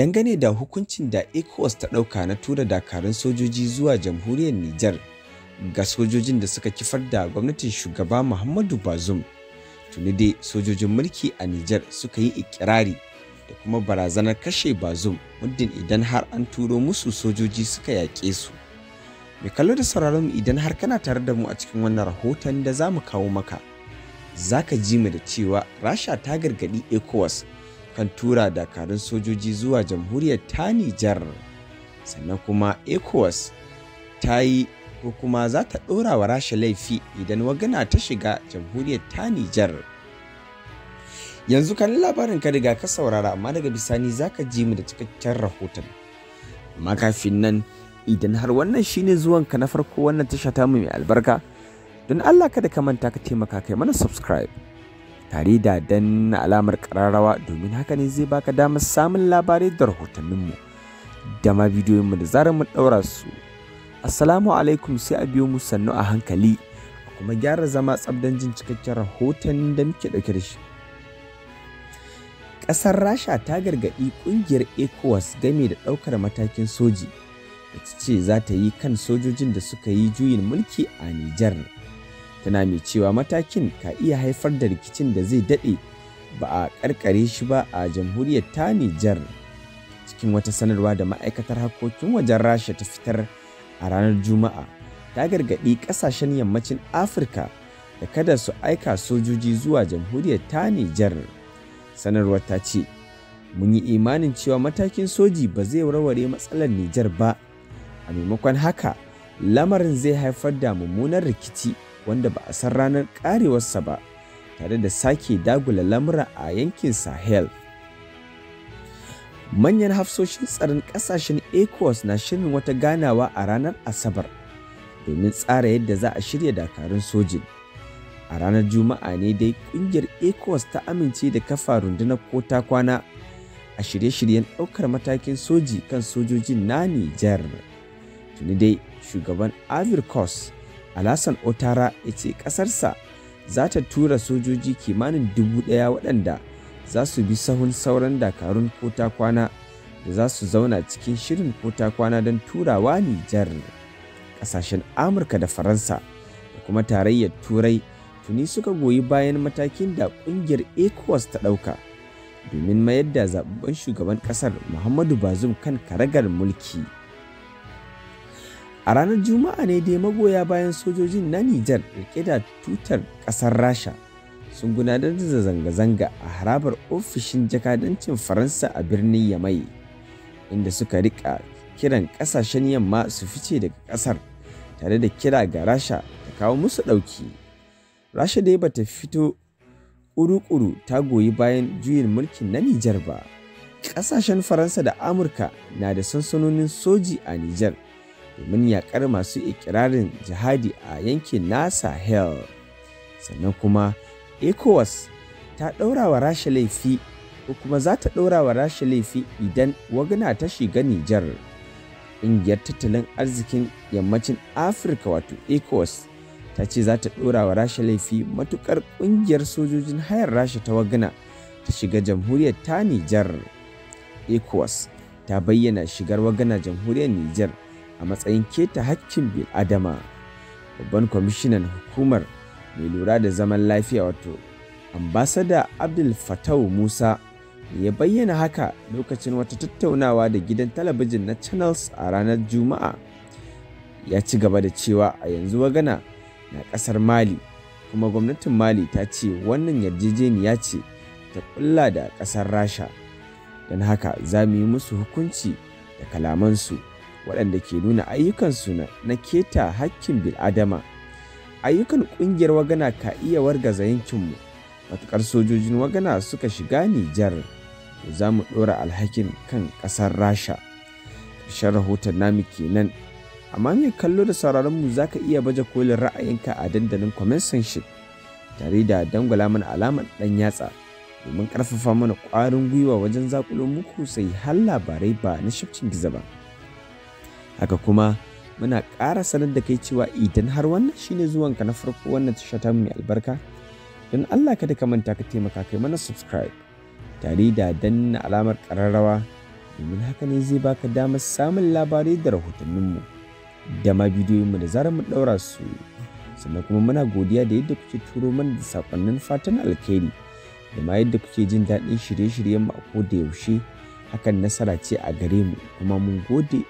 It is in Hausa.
dangane da hukuncin da ECOWAS ta ɗauka na tura dakarun sojoji zuwa jamhuriyar Nijar ga sojojin da suka kifar da gwamnatin shugaba Muhammadu Bazoum. Tuni dai sojojin mulki a Nijar suka yi ikirari da kuma barazanar kashe Bazoum muddin idan har an turo musu sojoji suka yaƙe su. Mai kallo da sauraron idan har kana tare da mu a cikin wannan rahoton da za mu kawo maka, za ka ji mu da cewa Rasha ta gargaɗi ECOWAS kan tura dakarun sojoji zuwa jamhuriyar ta Nijar sannan kuma ECOWAS ta yi ko kuma za ta ɗora wa rasha laifi idan wagana ta shiga jamhuriyar ta Nijar. Yanzu kan labarin ka riga ka saurara amma daga bisani za ka ji mu da cikakken rahoton. Amma kafin nan idan har wannan shine ka na farko wannan tasha ta mu mai albarka don Allah kada ka manta ka taimaka kai mana subscribe. tare da danna alamar kararrawa domin haka ne zai baka damar samun labarai da rahotanninmu da ma bidiyoyinmu da zarar mu ɗaura su. Assalamu alaikum sai a biyo mu sannu a hankali a kuma gyara zama tsabdan jin cikakken rahoton da muke ɗauke da shi. Ƙasar Rasha ta gargaɗi ƙungiyar ECOWAS game da ɗaukar matakin soji. ita ce za ta yi kan sojojin da suka yi juyin mulki a Nijar. tana mai cewa matakin ka iya haifar da rikicin da zai daɗe ba a ƙarƙare shi ba a jamhuriyar ta Nijar cikin wata sanarwa da ma'aikatar harkokin wajen rasha ta fitar a ranar juma'a ta gargaɗi ƙasashen yammacin afirka da kada su aika sojoji zuwa jamhuriyar ta Nijar sanarwar ta ce mun yi imanin cewa matakin soji ba zai warware matsalar Nijar ba a maimakon haka lamarin zai haifar da mummunan rikici wanda ba a san ranar karewarsa ba tare da sake dagula lamura a yankin sahel manyan hafsoshin tsaron kasashen ecowas na shirin wata ganawa a ranar asabar domin tsara yadda za a shirya dakarun sojin a ranar juma'a ne dai kungiyar ecowas ta amince da kafa rundunar ko ta kwana a shirye-shiryen ɗaukar matakin soji kan sojojin na nijar tuni dai shugaban Avircos. alasan otara ya ce ƙasarsa za ta tura sojoji kimanin dubu ɗaya waɗanda za su bi sahun sauran dakarun kota kwana da za su zauna cikin shirin kota kwana don turawa nijar ƙasashen amurka da faransa da kuma tarayyar turai tuni suka goyi bayan matakin da ƙungiyar ecowas ta ɗauka domin mayar da zaɓuɓɓen shugaban ƙasar muhammadu bazum kan karagar mulki. a ranar juma'a ne dai magoya bayan sojojin na nijar rike da tutar ƙasar rasha sun gudanar da zanga-zanga a harabar ofishin jakadancin faransa a birnin yamai inda suka riƙa kiran ƙasashen yamma su fice daga ƙasar, tare da kira ga rasha ta kawo musu ɗauki rasha dai bata fito ƙuru ta goyi bayan juyin mulkin na nijar ba ƙasashen faransa da amurka na da sansanonin soji a nijar domin yakar masu ikirarin jihadi a yankin na sahel sannan kuma ecowas ta ɗaura wa rasha laifi ko kuma za ta ɗaura wa rasha laifi idan wagana ta shiga nijar ƙungiyar tattalin arzikin yammacin afirka wato ecowas ta ce za ta ɗora wa rasha laifi matukar ƙungiyar sojojin hayar rasha ta wagana ta shiga jamhuriyar ta nijar ecowas ta bayyana shigar wagana jamhuriyar nijar a matsayin keta hakkin bil adama babban kwamishinan hukumar mai lura da zaman lafiya wato ambasada abdul fatau musa ya bayyana haka lokacin wata tattaunawa da gidan talabijin na channels a ranar juma'a ya ci gaba da cewa a yanzu wagana na kasar mali kuma gwamnatin mali ta ce wannan yarjejeniya ce ta kulla da kasar rasha don haka za mu yi musu hukunci da kalamansu waɗanda ke nuna ayyukan ayyukansu na keta hakkin bil'adama ayyukan ƙungiyar wagana ka iya wargaza yankinmu matuƙar sojojin wagana suka shiga nijar to za mu ɗora alhakin kan ƙasar rasha ƙarshen rahoton namu kenan amma mai kallo da sauraron mu za ka iya baje kolin ra'ayinka a dandalin comment tare da dangwala mana alamar ɗan yatsa domin ƙarfafa mana ƙwarin gwiwa wajen zakulo muku sai har labarai ba na shafcin giza ba. haka kuma muna ƙara sanar da kai cewa idan har wannan shine zuwanka na farko wannan tasha mai albarka don Allah kada ka manta ka taimaka kai mana subscribe tare da danna alamar ƙararrawa domin haka ne zai baka damar samun labarai da rahotanninmu da ma bidiyoyinmu da zarar mu ɗaura su sannan kuma muna godiya da yadda kuke turo mana da saƙonnin fatan alkhairi da ma yadda kuke jin daɗin shirye-shiryenmu a koda yaushe hakan nasara ce a gare mu kuma mun gode